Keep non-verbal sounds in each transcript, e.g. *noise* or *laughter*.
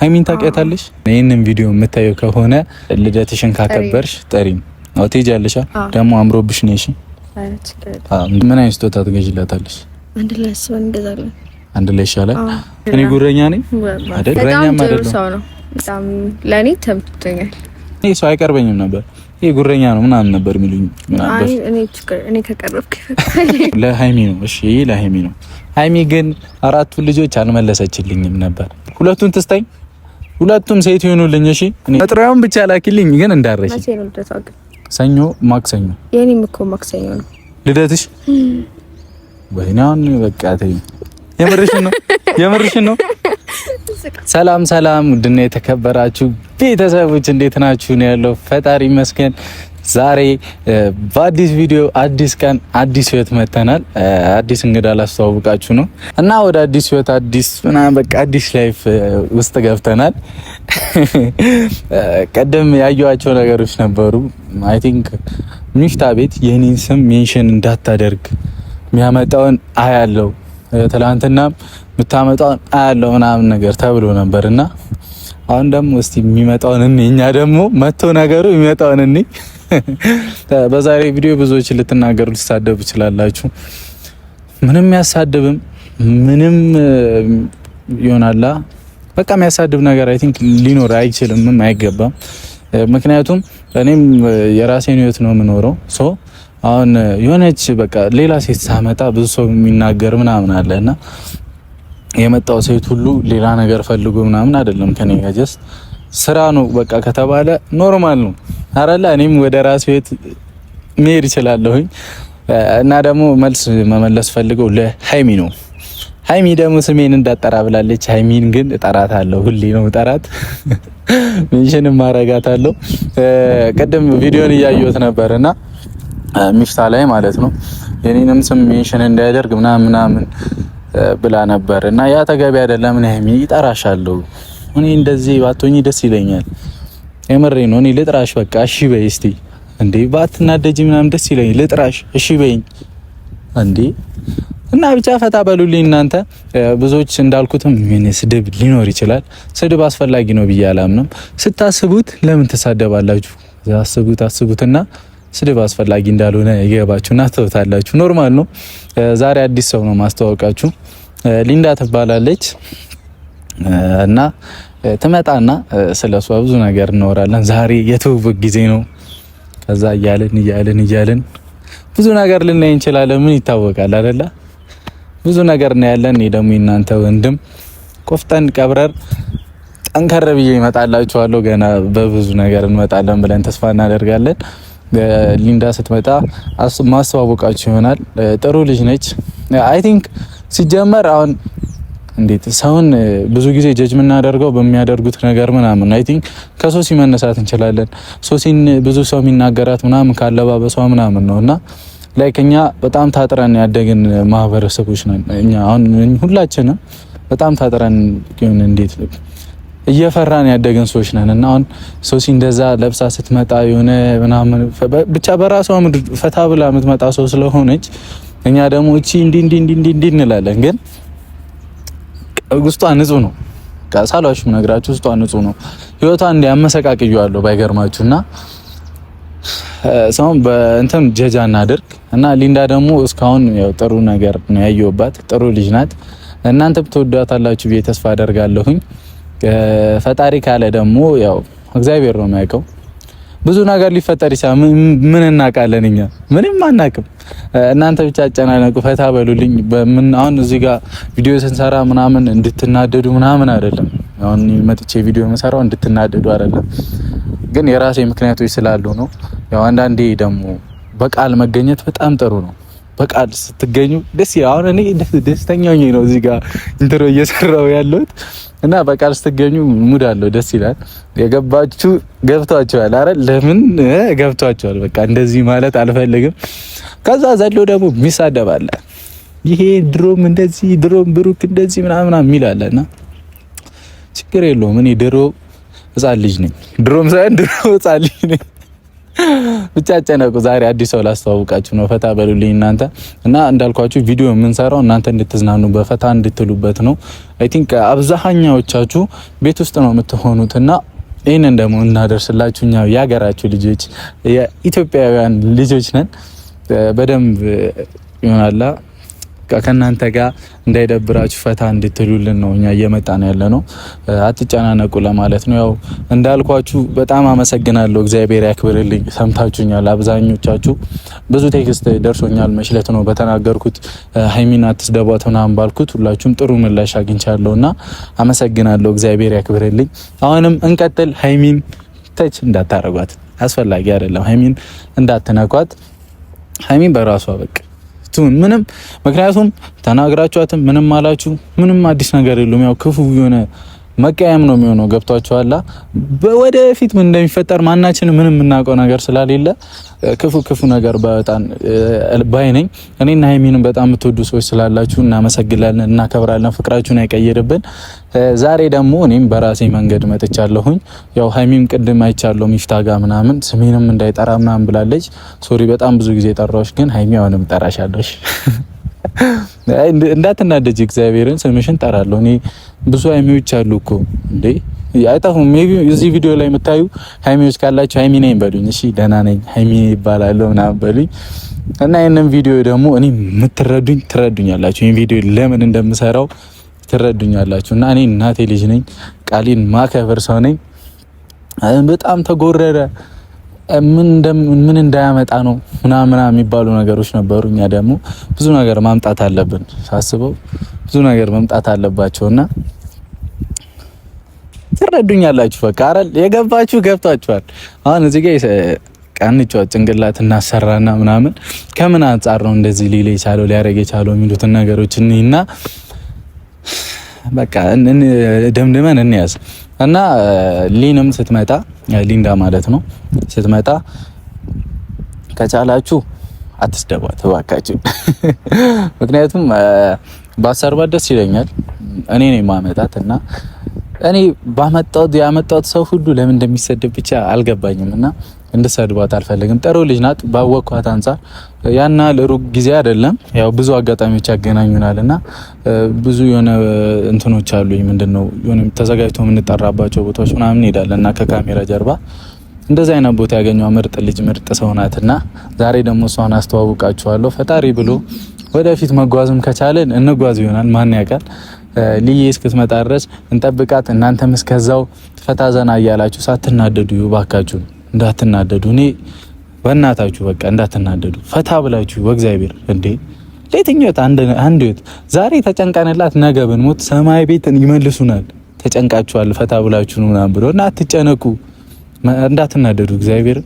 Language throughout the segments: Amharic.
ሀይሚን ታውቂያታለሽ? ይህንን ቪዲዮ የምታየው ከሆነ ልደትሽን ካከበርሽ ጠሪም አዎ፣ ትሄጃለሽ። ደግሞ አምሮብሽ ነው። እሺ፣ ምን አይነት ስጦታ ትገዥላታለሽ? አንድ ላይ አስበን እንገዛለን። አንድ ላይ ይሻላል። እኔ ጉረኛ ነኝ አይደል? ጉረኛም አይደለም። በጣም ለኔ ተምቶኛል። እኔ ሰው አይቀርበኝም ነበር ይሄ ጉረኛ ነው ምናምን ነበር የሚሉኝ። *laughs* ለሀይሚ ነው። እሺ ይሄ ለሀይሚ ነው። ሀይሚ ግን አራቱን ልጆች አልመለሰችልኝም ነበር። ሁለቱን ትስተኝ ሁለቱም ሴት ይሆኑልኝ። እሺ እኔ መጥሪያውን ብቻ ላኪልኝ፣ ግን እንዳረሽ። ሰኞ ማክሰኞ፣ የኔም እኮ ማክሰኞ ነው ልደትሽ። ወይናን በቃ ተይ፣ የምርሽን ነው የምርሽን ነው። ሰላም ሰላም፣ ውድና የተከበራችሁ ቤተሰቦች እንዴት ናችሁ? ነው ያለው ፈጣሪ ይመስገን። ዛሬ በአዲስ ቪዲዮ አዲስ ቀን አዲስ ህይወት መተናል። አዲስ እንግዳ ላስተዋውቃችሁ ነው እና ወደ አዲስ ህይወት አዲስ ምናምን በቃ አዲስ ላይፍ ውስጥ ገብተናል። ቀደም ያየኋቸው ነገሮች ነበሩ። አይ ቲንክ ሚፍታ ቤት የኔን ስም ሜንሽን እንዳታደርግ የሚያመጣውን አያለው፣ ትላንትና የምታመጣውን አያለው ምናምን ነገር ተብሎ ነበር እና አሁን ደግሞ እስቲ የሚመጣውን እኔ እኛ ደግሞ መጥቶ ነገሩ የሚመጣውን እኔ *laughs* በዛሬ ቪዲዮ ብዙዎች ልትናገሩ ልትሳደቡ ትችላላችሁ። ምንም ያሳድብም ምንም ይሆናላ በቃ የሚያሳድብ ነገር አይ ቲንክ ሊኖር አይችልም አይገባም። ምክንያቱም እኔም የራሴን ህይወት ነው የምኖረው። ሶ አሁን የሆነች በቃ ሌላ ሴት ሳመጣ ብዙ ሰው የሚናገር ምናምን አለ እና የመጣው ሴት ሁሉ ሌላ ነገር ፈልጎ ምናምን አይደለም ከኔ ጋር ጀስት ስራ ነው በቃ ከተባለ ኖርማል ነው አረላ እኔም ወደ ራሴ ቤት መሄድ እችላለሁኝ። እና ደግሞ መልስ መመለስ ፈልገው ለሃይሚ ነው። ሃይሚ ደግሞ ስሜን እንዳጠራ ብላለች። ሀይሚን ግን እጠራታለሁ፣ ሁሌ ነው እጠራት፣ *laughs* ሜንሽንም ማረጋታለሁ። ቅድም ቪዲዮን እያየሁት ነበር እና ሚፍታ ላይ ማለት ነው የኔንም ስም ሜንሽን እንዳያደርግ ምናምን ምናምን ብላ ነበር እና ያ ተገቢ አይደለም። ሃይሚ እጠራሻለሁ እኔ እንደዚህ ባትሆኚ ደስ ይለኛል። የምሬ ነው። እኔ ልጥራሽ፣ በቃ እሺ በይ እስቲ። እንዴ ባትናደጂ ምናምን ደስ ይለኝ። ልጥራሽ፣ እሺ በይኝ። እንዴ እና ብቻ ፈታ በሉልኝ እናንተ። ብዙዎች እንዳልኩትም ስድብ ሊኖር ይችላል። ስድብ አስፈላጊ ነው ብዬ አላምንም። ስታስቡት ለምን ትሳደባላችሁ? አስቡት አስቡትና ስድብ አስፈላጊ እንዳልሆነ ይገባችሁና ትተውታላችሁ። ኖርማል ነው። ዛሬ አዲስ ሰው ነው ማስተዋወቃችሁ። ሊንዳ ትባላለች። እና ትመጣና ስለ እሷ ብዙ ነገር እናወራለን። ዛሬ የትውውቅ ጊዜ ነው። ከዛ እያልን እያልን እያልን ብዙ ነገር ልናይ እንችላለን። ምን ይታወቃል አይደለ? ብዙ ነገር እናያለን። እኔ ደግሞ የእናንተ ወንድም ቆፍጠን ቀብረር ጠንከር ብዬ ይመጣላችኋለሁ። ገና በብዙ ነገር እንመጣለን ብለን ተስፋ እናደርጋለን። ሊንዳ ስትመጣ ማስተዋወቃችሁ ይሆናል። ጥሩ ልጅ ነች። አይ ቲንክ ሲጀመር አሁን እንዴት ሰውን ብዙ ጊዜ ጀጅ የምናደርገው በሚያደርጉት ነገር ምናምን። አይ ቲንክ ከሶሲ መነሳት እንችላለን። ሶሲን ብዙ ሰው የሚናገራት ምናምን ካለባበሷ ምናምን ነው እና ላይክ እኛ በጣም ታጥረን ያደግን ማህበረሰቦች ነን። እኛ አሁን ሁላችንም በጣም ታጥረን ሆን እንዴት እየፈራን ያደግን ሰዎች ነን እና አሁን ሶሲ እንደዛ ለብሳ ስትመጣ የሆነ ምናምን ብቻ በራሷ ምድር ፈታ ብላ የምትመጣ ሰው ስለሆነች እኛ ደግሞ እቺ እንዲ እንዲ እንዲ እንላለን ግን ውስጧ ንጹህ ነው። ሳሏሽም ነግራችሁ ውስጧ ንጹህ ነው። ህይወቷ እንዲያመሰቃቅየዋለሁ ባይገርማችሁ እና ሰውን በእንትን ጀጃ እናድርግ እና ሊንዳ ደግሞ እስካሁን ያው ጥሩ ነገር ነው ያየውባት። ጥሩ ልጅ ናት። እናንተ ትወዷታላችሁ ብዬ ተስፋ አደርጋለሁኝ። ፈጣሪ ካለ ደግሞ ያው እግዚአብሔር ነው የሚያውቀው። ብዙ ነገር ሊፈጠር ይችላል። ምን እናውቃለን እኛ? ምንም አናውቅም። እናንተ ብቻ አጨናነቁ፣ ፈታ በሉልኝ። በምን አሁን እዚህ ጋር ቪዲዮ ስንሰራ ምናምን እንድትናደዱ ምናምን አይደለም። አሁን መጥቼ ቪዲዮ መሰራው እንድትናደዱ አይደለም፣ ግን የራሴ ምክንያቶች ስላሉ ነው። ያው አንዳንዴ ደግሞ በቃል መገኘት በጣም ጥሩ ነው። በቃል ስትገኙ ደስ ይላል። አሁን እኔ ደስተኛ ሆኜ ነው እዚህ ጋር ኢንተርቪው እየሰራው ያለሁት እና በቃል ስትገኙ ሙድ አለው፣ ደስ ይላል። የገባችሁ ገብቷቸዋል። አረ ለምን ገብቷቸዋል። በቃ እንደዚህ ማለት አልፈልግም። ከዛ ዘሎ ደግሞ ሚሳደባለ ይሄ ድሮም እንደዚህ ድሮም ብሩክ እንደዚህ ምናምን የሚላለና ችግር የለውም። እኔ ድሮ ህጻን ልጅ ነኝ። ድሮም ሳይሆን ድሮ ህጻን ልጅ ነኝ። ብቻ ጨነቁ ዛሬ አዲስ ሰው ላስተዋውቃችሁ ነው። ፈታ በሉልኝ እናንተ እና እንዳልኳችሁ ቪዲዮ የምንሰራው እናንተ እንድትዝናኑ ፈታ እንድትሉበት ነው። አይ ቲንክ አብዛኛዎቻችሁ ቤት ውስጥ ነው የምትሆኑትና ይህንን ደግሞ እናደርስላችሁ እኛ የሀገራችሁ ልጆች የኢትዮጵያውያን ልጆች ነን። በደንብ ይሆናላ ከእናንተ ጋር እንዳይደብራችሁ ፈታ እንድትሉልን ነው እኛ እየመጣን ያለ ነው። አትጨናነቁ ለማለት ነው። ያው እንዳልኳችሁ በጣም አመሰግናለሁ። እግዚአብሔር ያክብርልኝ። ሰምታችሁኛል። አብዛኞቻችሁ ብዙ ቴክስት ደርሶኛል። መችለት ነው በተናገርኩት ሀይሚን አትስደቧት ምናምን ባልኩት ሁላችሁም ጥሩ ምላሽ አግኝቻለሁ እና አመሰግናለሁ። እግዚአብሔር ያክብርልኝ። አሁንም እንቀጥል። ሀይሚን ተች እንዳታረጓት፣ አስፈላጊ አይደለም። ሀይሚን እንዳትነኳት። ሀይሚን በራሷ በቃ ምንም ምክንያቱም ተናግራችኋትም ምንም አላችሁ ምንም አዲስ ነገር የለም። ያው ክፉ የሆነ መቀየም ነው የሚሆነው። ገብቷችኋላ? ወደፊት ምን እንደሚፈጠር ማናችን ምንም የምናውቀው ነገር ስለሌለ ክፉ ክፉ ነገር በጣም ባይነኝ። እኔና ሀይሚንም በጣም የምትወዱ ሰዎች ስላላችሁ እናመሰግናለን፣ እናከብራለን። ፍቅራችሁን አይቀይርብን። ዛሬ ደግሞ እኔም በራሴ መንገድ መጥቻለሁኝ። ያው ሀይሚም ቅድም አይቻለሁ ሚፍታ ጋር ምናምን ስሜንም እንዳይጠራ ምናምን ብላለች። ሶሪ፣ በጣም ብዙ ጊዜ ጠራዎች፣ ግን ሀይሚ አሁንም ጠራሻለሽ *laughs* እንዳትናደጅ፣ እግዚአብሔርን ስምሽን ጠራለሁ። እኔ ብዙ ሀይሚዎች አሉ እኮ እንዴ አይጠፉም። ሜቢ እዚህ ቪዲዮ ላይ የምታዩ ሀይሚዎች ካላችሁ ሀይሚ ነኝ በሉኝ። እሺ ደህና ነኝ ሀይሚ ይባላለሁ ምናምን በሉኝ እና ይህንን ቪዲዮ ደግሞ እኔ የምትረዱኝ ትረዱኛላችሁ። ይህን ቪዲዮ ለምን እንደምሰራው ትረዱኛላችሁ። እና እኔ እናቴ ልጅ ነኝ፣ ቃሌን ማከበር ሰው ነኝ። በጣም ተጎረረ ምን እንዳያመጣ ነው ምናምና የሚባሉ ነገሮች ነበሩ። እኛ ደግሞ ብዙ ነገር ማምጣት አለብን ሳስበው ብዙ ነገር መምጣት አለባቸውና ትረዱኛላችሁ። በቃ አይደል የገባችሁ ገብታችኋል። አሁን እዚህ ጋር ቀንጫ ጭንቅላት እናሰራና ምናምን ከምን አንጻር ነው እንደዚህ ሊል የቻለው ሊያደርግ የቻለው የሚሉትን ነገሮች እኒና በቃ ደምድመን እንያዝ እና ሊንም ስትመጣ ሊንዳ ማለት ነው። ስትመጣ ከቻላችሁ አትስደቧት እባካችሁ። *laughs* ምክንያቱም ባሰርባት ደስ ይለኛል። እኔ ነው ማመጣት እና እኔ ባመጣሁት ያመጣሁት ሰው ሁሉ ለምን እንደሚሰደብ ብቻ አልገባኝም እና እንድሰድባት አልፈልግም። ጥሩ ልጅ ናት። ባወቅኳት አንጻር ያና ለሩቅ ጊዜ አይደለም ያው ብዙ አጋጣሚዎች ያገናኙናል እና ብዙ የሆነ እንትኖች አሉኝ። ምንድነው የሆነ ተዘጋጅቶ የምንጠራባቸው ቦታዎች ምናምን እንሄዳለን እና ከካሜራ ጀርባ እንደዚህ አይነት ቦታ ያገኘው ምርጥ ልጅ ምርጥ ሰው እና ዛሬ ደግሞ እሷን አስተዋውቃችኋለሁ። ፈጣሪ ብሎ ወደፊት መጓዝም ከቻለን እንጓዝ ይሆናል። ማን ያውቃል? ልዬ እስክትመጣ ድረስ እንጠብቃት። እናንተም እስከዛው ፈታ ዘና እያላችሁ ሳትናደዱ ባካችሁ እንዳትናደዱ። እኔ በእናታችሁ በቃ እንዳትናደዱ፣ ፈታ ብላችሁ በእግዚአብሔር እንዴ ለየትኛው አንድ ህይወት ዛሬ ተጨንቀንላት ነገ ብንሞት ሰማይ ቤት ይመልሱናል። ተጨንቃችኋል ፈታ ብላችሁ ምናምን ብሎ እና አትጨነቁ፣ እንዳትናደዱ እግዚአብሔር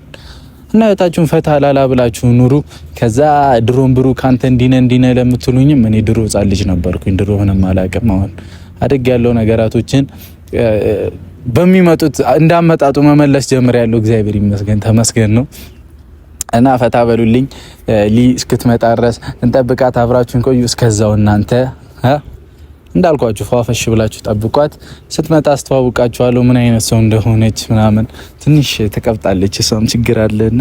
እና ህይወታችሁን ፈታ ላላ ብላችሁ ኑሩ። ከዛ ድሮን ብሩ ካንተ እንዲነ እንዲነ ለምትሉኝም እኔ ድሮ ህጻን ልጅ ነበርኩኝ። ድሮ ሆነም አላቅም። አሁን አድግ ያለው ነገራቶችን በሚመጡት እንዳመጣጡ መመለስ ጀምር ያለው እግዚአብሔር ይመስገን ተመስገን ነው። እና ፈታ በሉልኝ። ሊ እስክትመጣ ድረስ እንጠብቃት፣ አብራችሁን ቆዩ። እስከዛው እናንተ እንዳልኳችሁ ፏፈሽ ብላችሁ ጠብቋት። ስትመጣ አስተዋውቃችኋለሁ ምን አይነት ሰው እንደሆነች ምናምን። ትንሽ ትቀብጣለች፣ እሷም ችግር እና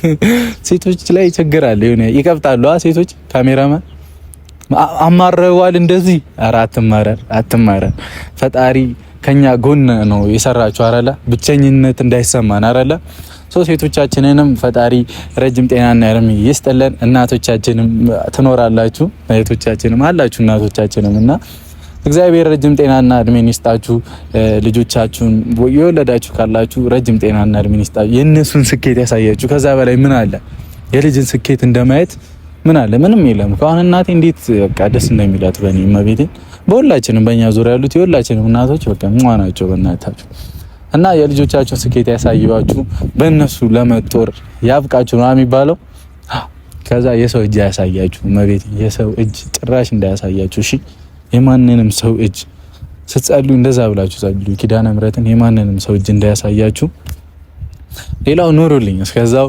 *laughs* ሴቶች ላይ ችግር አለ፣ የሆነ ይቀብጣሉ። ሴቶች ካሜራማን አማረዋል እንደዚህ። ኧረ አትማረር፣ አትማረር ፈጣሪ ከኛ ጎን ነው የሰራችሁ አረላ ብቸኝነት እንዳይሰማን አረላ ሶስት ሴቶቻችንንም ፈጣሪ ረጅም ጤናና እድሜ ይስጥልን። እናቶቻችንም ትኖራላችሁ፣ እህቶቻችንም አላችሁ እናቶቻችንም እና እግዚአብሔር ረጅም ጤናና እድሜን ይስጣችሁ። ልጆቻችሁን የወለዳችሁ ካላችሁ ረጅም ጤናና እድሜን ይስጣችሁ። የእነሱን ስኬት ያሳያችሁ። ከዛ በላይ ምን አለ የልጅን ስኬት እንደማየት ምን አለ ምንም የለም። አሁን እናቴ እንዴት በቃ ደስ እንደሚላት በእኔ እመቤቴ፣ በሁላችንም በእኛ ዙሪያ ያሉት የሁላችንም እናቶች በቃ ሟ ናቸው። በእናታችሁ እና የልጆቻችሁን ስኬት ያሳይባችሁ፣ በእነሱ ለመጦር ያብቃችሁ ነው የሚባለው። ከዛ የሰው እጅ አያሳያችሁ እመቤቴ፣ የሰው እጅ ጭራሽ እንዳያሳያችሁ። እሺ የማንንም ሰው እጅ ስትጸልዩ እንደዛ ብላችሁ ጸልዩ። ኪዳነ ምሕረትን የማንንም ሰው እጅ እንዳያሳያችሁ ሌላው ኑሩልኝ። እስከዛው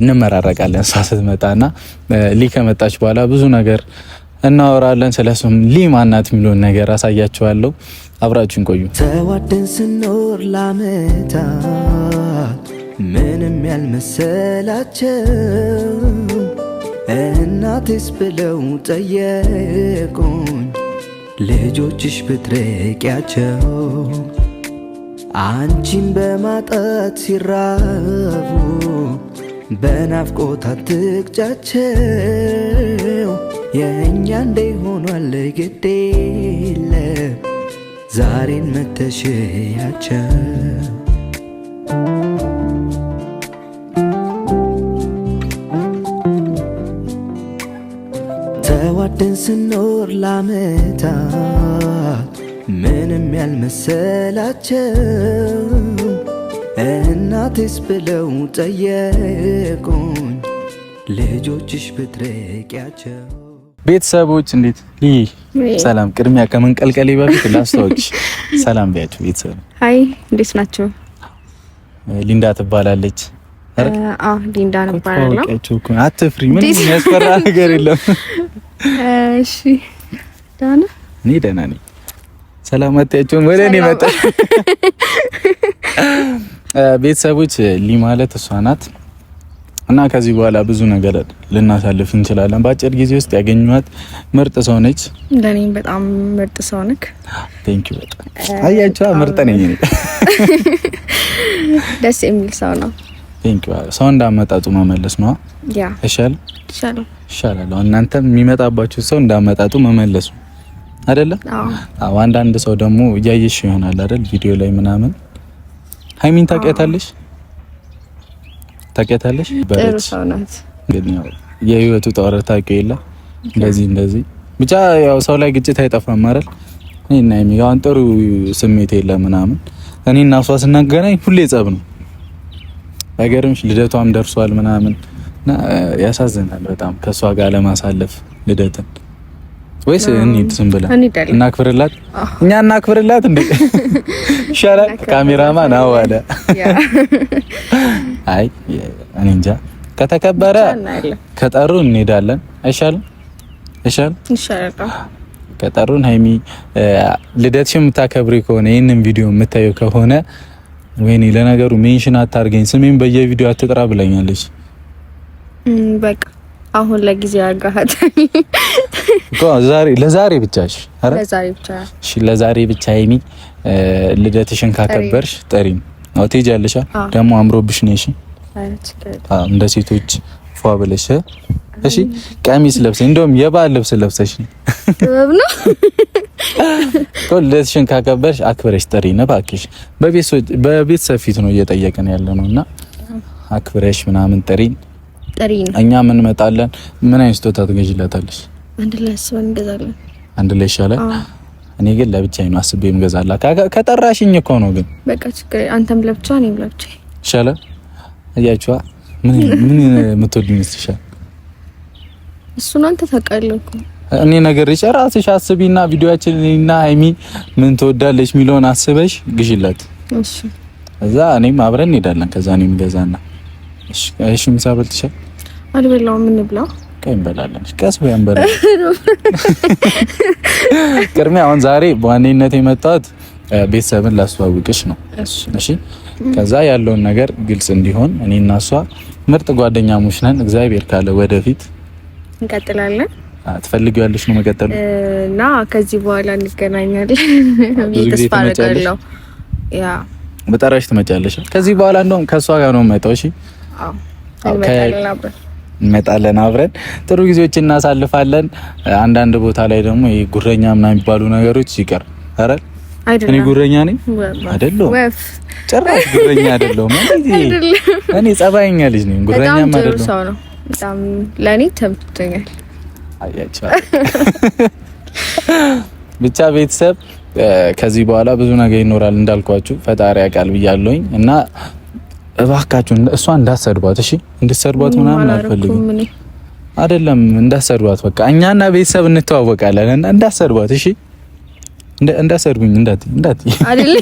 እንመራረቃለን። እሷ ና ሊ ከመጣች በኋላ ብዙ ነገር እናወራለን። ስለሱም ሊ ማናት የሚለውን ነገር አሳያችኋለሁ። አብራችን ቆዩ። ተዋደን ስኖር ላመታት ምንም ያልመሰላቸው እናቴስ ብለው ጠየቁኝ ልጆችሽ ብትርቂያቸው አንቺን በማጣት ሲራቡ በናፍቆት አትቅጫቸው። የእኛ እንደ ሆኗል ግድ ዛሬን መተሸያቸው ተዋደን ስኖር ላመታት ምንም ያልመሰላቸው እናቴስ ብለው ጠየቁኝ። ልጆችሽ ብትረቂያቸው ቤተሰቦች እንዴት ይህ ሰላም። ቅድሚያ ከመንቀልቀሌ በፊት ላስታዎች *laughs* ሰላም ቢያቸው ቤተሰብ። ሀይ እንዴት ናቸው? ሊንዳ ትባላለች። ሊንዳ እባላለሁ። አትፍሪ፣ ምን የሚያስፈራ ነገር የለም። *laughs* እሺ፣ ደህና እኔ ደህና ነኝ። ሰላም አጣያችሁም ወደ እኔ መጣ። ቤተሰቦች ሊ ማለት እሷ ናት እና ከዚህ በኋላ ብዙ ነገር ልናሳልፍ እንችላለን። በአጭር ጊዜ ውስጥ ያገኘኋት ምርጥ ሰው ነች። ለኔም በጣም ምርጥ ሰው ነክ። ቴንክ ዩ በጣም አያቸዋ ምርጥ ነኝ። ደስ የሚል ሰው ነው። ቴንክ ዩ ሰው እንዳመጣጡ መመለስ ነው። ያ ይሻል ይሻል ይሻላል። እናንተም የሚመጣባችሁ ሰው እንዳመጣጡ መመለስ ነው። አይደለ? አዎ። አንዳንድ ሰው ደግሞ እያየሽ ይሆናል አይደል? ቪዲዮ ላይ ምናምን ሀይሚን ታውቂያታለሽ? ታውቂያታለሽ? በለች ግን ያው የህይወቱ ጦርነት ታውቂው የለ እንደዚህ እንደዚህ ብቻ ያው ሰው ላይ ግጭት አይጠፋም አይደል? እኔ እና ሀይሚ ያው ጥሩ ስሜት የለ ምናምን እኔ እና እሷ ስናገናኝ ሁሌ ጸብ ነው። ነገርምሽ ልደቷም ደርሷል ምናምን ያሳዝናል በጣም ከእሷ ጋር ለማሳለፍ ልደትን ወይስ እንሂድ? ዝም ብላ እናክብርላት፣ እኛ እናክብርላት እንዴ ይሻላል። *laughs* ካሜራማን አዎ አለ። *laughs* አይ እኔ እንጃ። ከተከበረ ከጠሩ እንሄዳለን። አይሻልም? ይሻል ይሻላል። ከጠሩን ሀይሚ ልደትሽን የምታከብሪ ከሆነ ይህንን ቪዲዮ የምታየው ከሆነ ወይኔ፣ ለነገሩ ሜንሽን አታርገኝ፣ ስሜን በየቪዲዮ አትጥራ ብለኛለች። በቃ አሁን ለጊዜው አጋሃታል ዛሬ ለዛሬ ብቻ እሺ፣ ለዛሬ ብቻ እሺ፣ ለዛሬ ብቻ ሀይሚ፣ ልደትሽን ካከበርሽ ጠሪም አዎ ትሄጃለሽ። ደግሞ አምሮብሽ ነው። እሺ፣ እንደ ሴቶች ፏ ብለሽ እሺ። ቀሚስ ለብሰሽ እንደውም የበዓል ልብስ ለብሰሽ ጥበብ ነው። ልደትሽን ካከበርሽ አክብረሽ ጠሪኝ ነው እባክሽ። በቤተሰብ ፊት ነው እየጠየቅን ያለ ነው እና አክብረሽ ምናምን ጠሪኝ። ጠሪኝ እኛ ምን እንመጣለን። ምን አይነት ስጦታ ትገዥላታለሽ? አንድ ላይ አስበን እንገዛለን። አንድ ላይ ይሻላል። እኔ ግን ለብቻዬ ነው አስቤ የምገዛላት። ከጠራሽኝ እኮ ነው። ግን በቃ ችግር አንተም ለብቻ እኔም ለብቻ ይሻላል። እያችኋ ምን *laughs* ምን የምትወድኝ ይሻላል። እሱን አንተ ታውቃለህ እኮ እኔ ነገርሽ ራስሽ አስቢና ቪዲዮአችን እና ሀይሚ ምን ትወዳለች የሚለውን አስበሽ ግዢላት። እሺ እዛ እኔም አብረን እንሄዳለን። ከዛ እኔም ገዛና እሺ እሺ ምሳ በልተሻል? አልበላሁም። ምን ብላ ቀይ እንበላለን። ቀስ በይ እንበላለን። ቅድሚያ አሁን ዛሬ በዋነኝነት የመጣሁት ቤተሰብን ላስተዋውቅሽ ነው። እሺ፣ ከዛ ያለውን ነገር ግልጽ እንዲሆን እኔ እና እሷ ምርጥ ጓደኛሞች ነን። እግዚአብሔር ካለ ወደፊት እንቀጥላለን። ትፈልጊያለሽ ነው መቀጠሉ እና ከዚህ በኋላ እንገናኛለን። ተስፋ አደርጋለሁ። ያ በጠራሽ ትመጫለሽ። ከዚህ በኋላ እንደውም ከእሷ ጋር ነው የምመጣው። እሺ፣ አዎ እንመጣለን አብረን ጥሩ ጊዜዎች እናሳልፋለን። አንዳንድ ቦታ ላይ ደግሞ ጉረኛ ምናምን የሚባሉ ነገሮች ይቀር አረ እኔ ጉረኛ ነኝ አይደለሁም፣ ጭራሽ ጉረኛ አይደለሁም። እኔ ጸባይኛ ልጅ ነኝ፣ ጉረኛ አይደለሁም። ብቻ ቤተሰብ ከዚህ በኋላ ብዙ ነገር ይኖራል እንዳልኳችሁ ፈጣሪ ያውቃል ብያለሁኝ እና እባካችሁ እሷ እንዳሰድቧት፣ እሺ እንድሰድቧት ምናምን አልፈልግም። አይደለም እንዳሰድቧት፣ በቃ እኛና ቤተሰብ እንተዋወቃለን እና እንዳሰድቧት፣ እሺ እንዳሰድቡኝ፣ እንዳት እንዳት አይደል *laughs*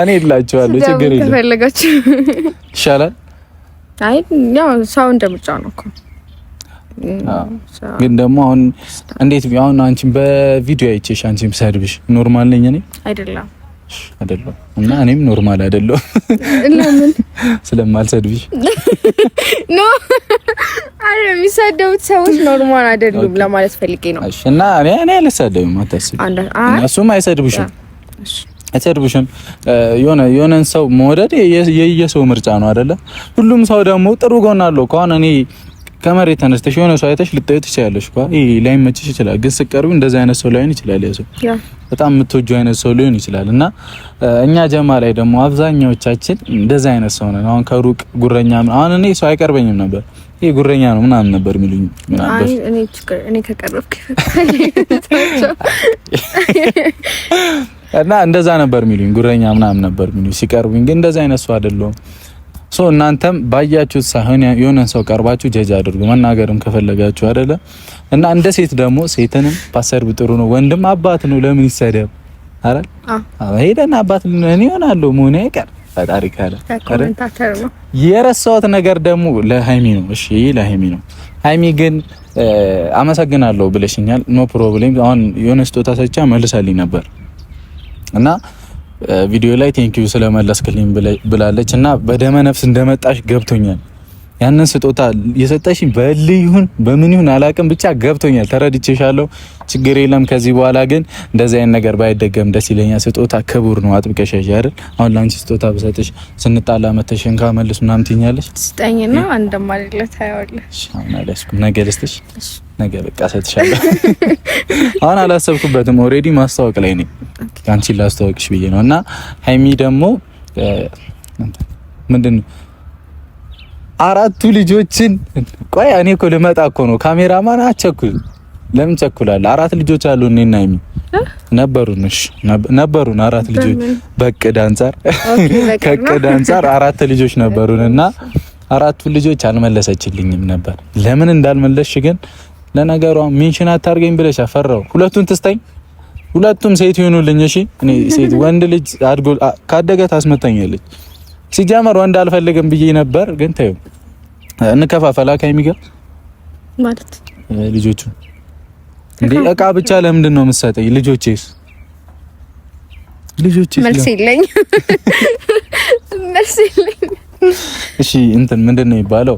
እኔ እላችኋለሁ፣ ችግር የለም ከፈለጋችሁ ይሻላል። አይ ያው ሰው እንደምጫ ነው እኮ ግን ደግሞ አሁን እንዴት ቢሆን አንቺ በቪዲዮ አይቼሽ አንቺም ሰድብሽ ኖርማል ነኝ እኔ አይደለም አይደለም እና እኔም ኖርማል አይደለም። ለምን ስለማልሰድብሽ ኖ አረ የሚሳደቡት ሰዎች ኖርማል አይደሉም ለማለት ፈልጌ ነው። እሺ እና እኔ እኔ አልሳደብም፣ አታስቢ። እነሱም አይሰድቡሽም አይሰድቡሽም። የሆነ የሆነን ሰው መውደድ የየሰው ምርጫ ነው አይደለ? ሁሉም ሰው ደግሞ ጥሩ ጎን አለው። ከሆነ እኔ ከመሬት ተነስተሽ የሆነ ሰው አይተሽ ልታዩ ትችላለሽ እኮ ላይ ላይመችሽ ይችላል፣ ግን ስትቀርቢ እንደዚህ አይነት ሰው ላይሆን ይችላል። ያ ሰው በጣም የምትወጁ አይነት ሰው ሊሆን ይችላል። እና እኛ ጀማ ላይ ደግሞ አብዛኛዎቻችን እንደዛ አይነት ሰው ነን። አሁን ከሩቅ ጉረኛ አሁን እኔ ሰው አይቀርበኝም ነበር ይሄ ጉረኛ ነው ምናምን ነበር የሚሉኝ። *laughs* እና እንደዛ ነበር የሚሉኝ፣ ጉረኛ ምናምን ነበር የሚሉኝ። ሲቀርቡኝ ግን እንደዛ አይነት ሰው አይደለሁም። ሶ እናንተም ባያችሁት ሳይሆን የሆነ ሰው ቀርባችሁ ጀጅ አድርጉ። መናገርም ከፈለጋችሁ አይደለ እና እንደ ሴት ደግሞ ሴትንም ፓስተር ብጥሩ ነው ወንድም አባት ነው ለምን ይሰደብ አይደል? አዎ ሄደን አባት እኔ እሆናለሁ ሙኔ አይቀር ፈጣሪ ካለ የረሳሁት ነገር ደግሞ ለሃይሚ ነው። እሺ ለሃይሚ ነው። ሃይሚ ግን አመሰግናለሁ ብለሽኛል። ኖ ፕሮብሌም። አሁን የሆነ ስጦታ ሰጫ መልሳልኝ ነበር እና ቪዲዮ ላይ ቴንኪዩ ስለመለስክልኝ ብላለች እና በደመ ነፍስ እንደመጣሽ ገብቶኛል። ያንን ስጦታ የሰጠሽ በል ይሁን በምን ይሁን አላቅም፣ ብቻ ገብቶኛል፣ ተረድቼሻለሁ። ችግር የለም። ከዚህ በኋላ ግን እንደዚህ አይነት ነገር ባይደገም ደስ ይለኛል። ስጦታ ክቡር ነው፣ አጥብቀሽ ያዥ አይደል? አሁን ላንቺ ስጦታ ብሰጥሽ ስንጣላ መተሽ እንካ መልስ ምናምን ትይኛለሽ። ስጠኝና እንደማልለት ታያለሽ። አሁን አልያዝኩም፣ ነገ ልስጥሽ። ነገ በቃ ሰጥሻለሁ። አሁን አላሰብኩበትም። ኦልሬዲ ማስታወቅ ላይ ነኝ አንቺን ላስተዋወቅሽ ብዬ ነው። እና ሀይሚ ደግሞ ምንድን ነው አራቱ ልጆችን ቆይ፣ እኔ እኮ ልመጣ እኮ ነው። ካሜራማን አቸኩል። ለምን ቸኩላል? አራት ልጆች አሉ እኔና ሀይሚ ነበሩን። እሺ ነበሩን፣ አራት ልጆች በቅድ አንጻር ከቅድ አንጻር አራት ልጆች ነበሩን እና አራቱ ልጆች አልመለሰችልኝም ነበር። ለምን እንዳልመለስሽ ግን ለነገሯ ሜንሽን አታርገኝ ብለሽ አፈራው። ሁለቱን ትስተኝ ሁለቱም ሴት ይሆኑልኝ። እሺ እኔ ሴት ወንድ ልጅ አድጎ ካደገ ታስመታኛለች። ሲጀመር ወንድ አልፈልግም ብዬ ነበር፣ ግን ተይው እንከፋፈላ ከሚጋ ማለት ልጆቹ እንዴ እቃ ብቻ ለምንድን ነው የምትሰጠኝ? ልጆቼስ ልጆቼስ መልስ የለኝም፣ *laughs* መልስ የለኝም። እሺ እንትን ምንድን ነው የሚባለው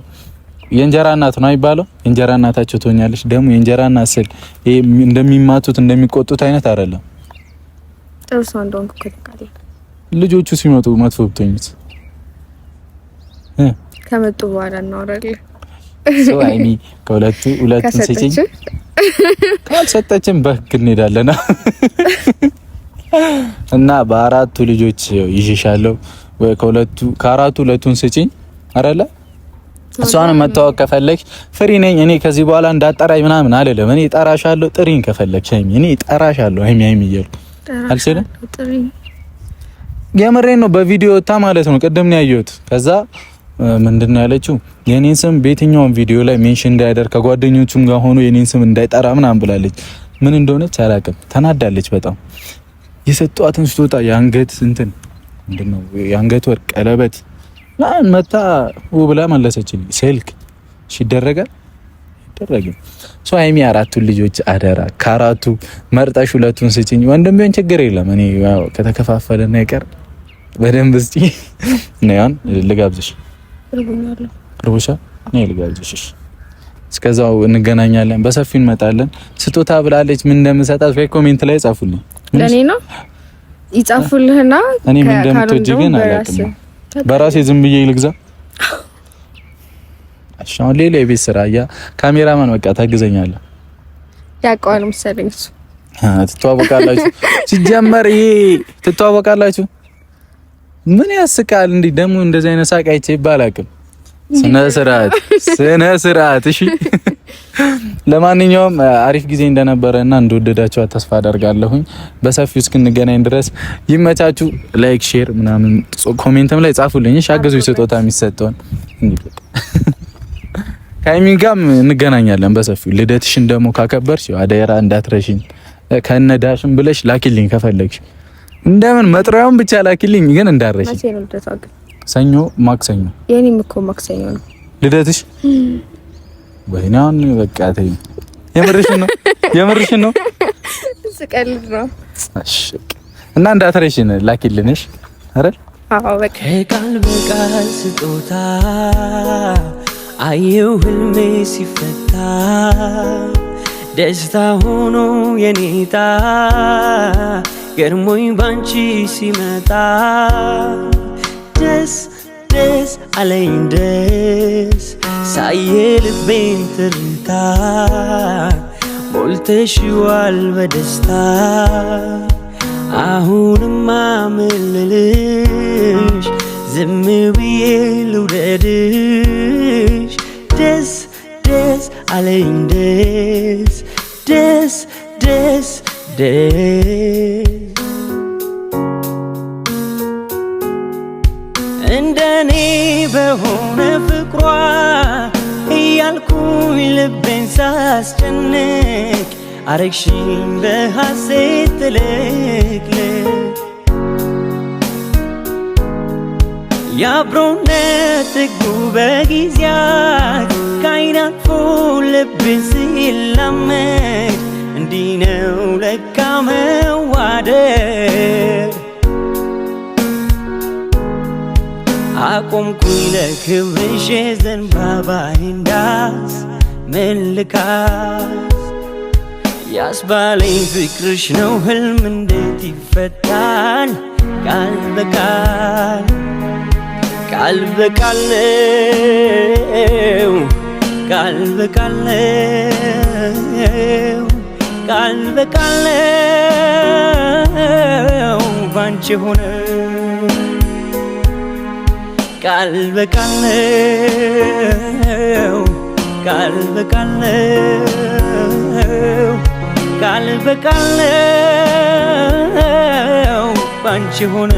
የእንጀራ እናት ነው አይባለው? የእንጀራ እናታቸው ትሆኛለች። ደግሞ የእንጀራ እናት ስል እንደሚማቱት እንደሚቆጡት አይነት አይደለም። ጥሩ ሰው እንደሆንኩ ልጆቹ ሲመጡ መጥፎ ብትሆኝስ? ከመጡ በኋላ እናወራለን። ሰው አይኒ ከሁለቱ ሁለቱን ሰጪኝ ካልሰጠችን በህግ እንሄዳለና እና በአራቱ ልጆች ወይ ከሁለቱ ከአራቱ ሁለቱን ሰጪኝ አይደለ እሷንም መታወቅ ከፈለግሽ ፍሪ ነኝ እኔ። ከዚህ በኋላ እንዳጠራኝ ምናምን አልልም። እኔ እጠራሻለሁ፣ ጥሪኝ ከፈለግሽ ሀይሚ። እኔ እጠራሻለሁ ሀይሚ ሀይሚ እያልኩ አልችልም። የምሬን ነው። በቪዲዮ ወታ ማለት ነው። ቅድም ነው ያየሁት። ከዛ ምንድን ነው ያለችው? የኔን ስም በየትኛውም ቪዲዮ ላይ ሜንሽን እንዳያደርግ ከጓደኞቹም ጋር ሆኖ የኔን ስም እንዳይጠራ ምናምን ብላለች። ምን እንደሆነች አላውቅም። ተናዳለች በጣም። የሰጧትን ስጦታ የአንገት እንትን ምንድን ነው የአንገት ወርቅ ቀለበት መታ ብላ መለሰችልኝ። ስልክ ሲደረገ ይደረግም ሶ ሀይሚ አራቱን ልጆች አደራ ከአራቱ መርጠሽ ሁለቱን ስጭኝ። ወንድም ቢሆን ችግር የለም እኔ ያው ከተከፋፈለ ና ይቀር በደንብ እስቲ ነያን ልጋብዝሽ። ርቦሻ እኔ ልጋብዝሽ። እስከዛው እንገናኛለን፣ በሰፊው እንመጣለን። ስጦታ ብላለች፣ ምን እንደምሰጣት ወይ ኮሜንት ላይ ጻፉልኝ። ለኔ ነው ይጻፉልህና እኔ ምን እንደምትወጂ ግን አላውቅም በራሴ ዝም ብዬ ልግዛ። እሺ፣ አሁን ሌላ የቤት ስራ ያ ካሜራማን በቃ ታግዘኛለህ። ያውቀዋል መሰለኝ እሱ። ትተዋወቃላችሁ ሲጀመር ይሄ ትተዋወቃላችሁ። ምን ያስቃል እንዴ? ደግሞ እንደዚህ አይነት ሳቅ አይቼ ይባላል። ስነ ስርዓት ስነ ስርዓት። እሺ፣ ለማንኛውም አሪፍ ጊዜ እንደነበረ እና እንደወደዳችሁ ተስፋ አደርጋለሁኝ። በሰፊው እስክንገናኝ ድረስ ይመቻችሁ። ላይክ፣ ሼር ምናምን ኮሜንትም ላይ ጻፉልኝ። እሺ፣ አገዙ። ስጦታ የሚሰጠውን ከሀይሚን ጋርም እንገናኛለን በሰፊው። ልደትሽን ደግሞ ካከበርሽ አደራ እንዳትረሽኝ ከነዳሽም ብለሽ ላኪልኝ። ከፈለግሽ እንደምን መጥሪያውን ብቻ ላኪልኝ፣ ግን እንዳረሽኝ ሰኞ ማክሰኞ። የኔም እኮ ማክሰኞ ነው ልደትሽ። ወይናን በቃ ተይ፣ የምርሽን ነው የምርሽን ነው ስቀልድ ነው። እሺ እና እንዳትረሽን ላኪልንሽ አይደል? አዎ በቃ ቃል በቃል ስጦታ አየው ህልሜ ሲፈታ ደስታ ሆኖ የኔታ ገርሞኝ ባንቺ ሲመጣ des, des, alleen des Zij je lippen te rintaar Molte schuwal we de staar Ahoen mame lelish Zemme wie je Des, des, alleen des Des, des, des የሆነ ፍቅሯ እያልኩኝ ልቤን ሳስጨንቅ አረግሽኝ በሐሴት ትልቅልቅ የአብሮነት ጥጉ በጊዜያት ከዓይን አልፎ ልብ ሲላመድ እንዲህ ነው ለካ መዋደድ አቆምኩኝ ለክብርሽ ዘንባባዬን ዳስ መልካስ ያስባለኝ ፍቅርሽ ነው ህልም እንዴት ይፈታል ቃል በቃል ቃል በቃል ነው ቃል በቃል ነው ቃል በቃል ነው ባንቺ ሆነ ቃል በቃል ነው ቃል በቃል ነው ቃል በቃል ነው ባንቺ ሆነ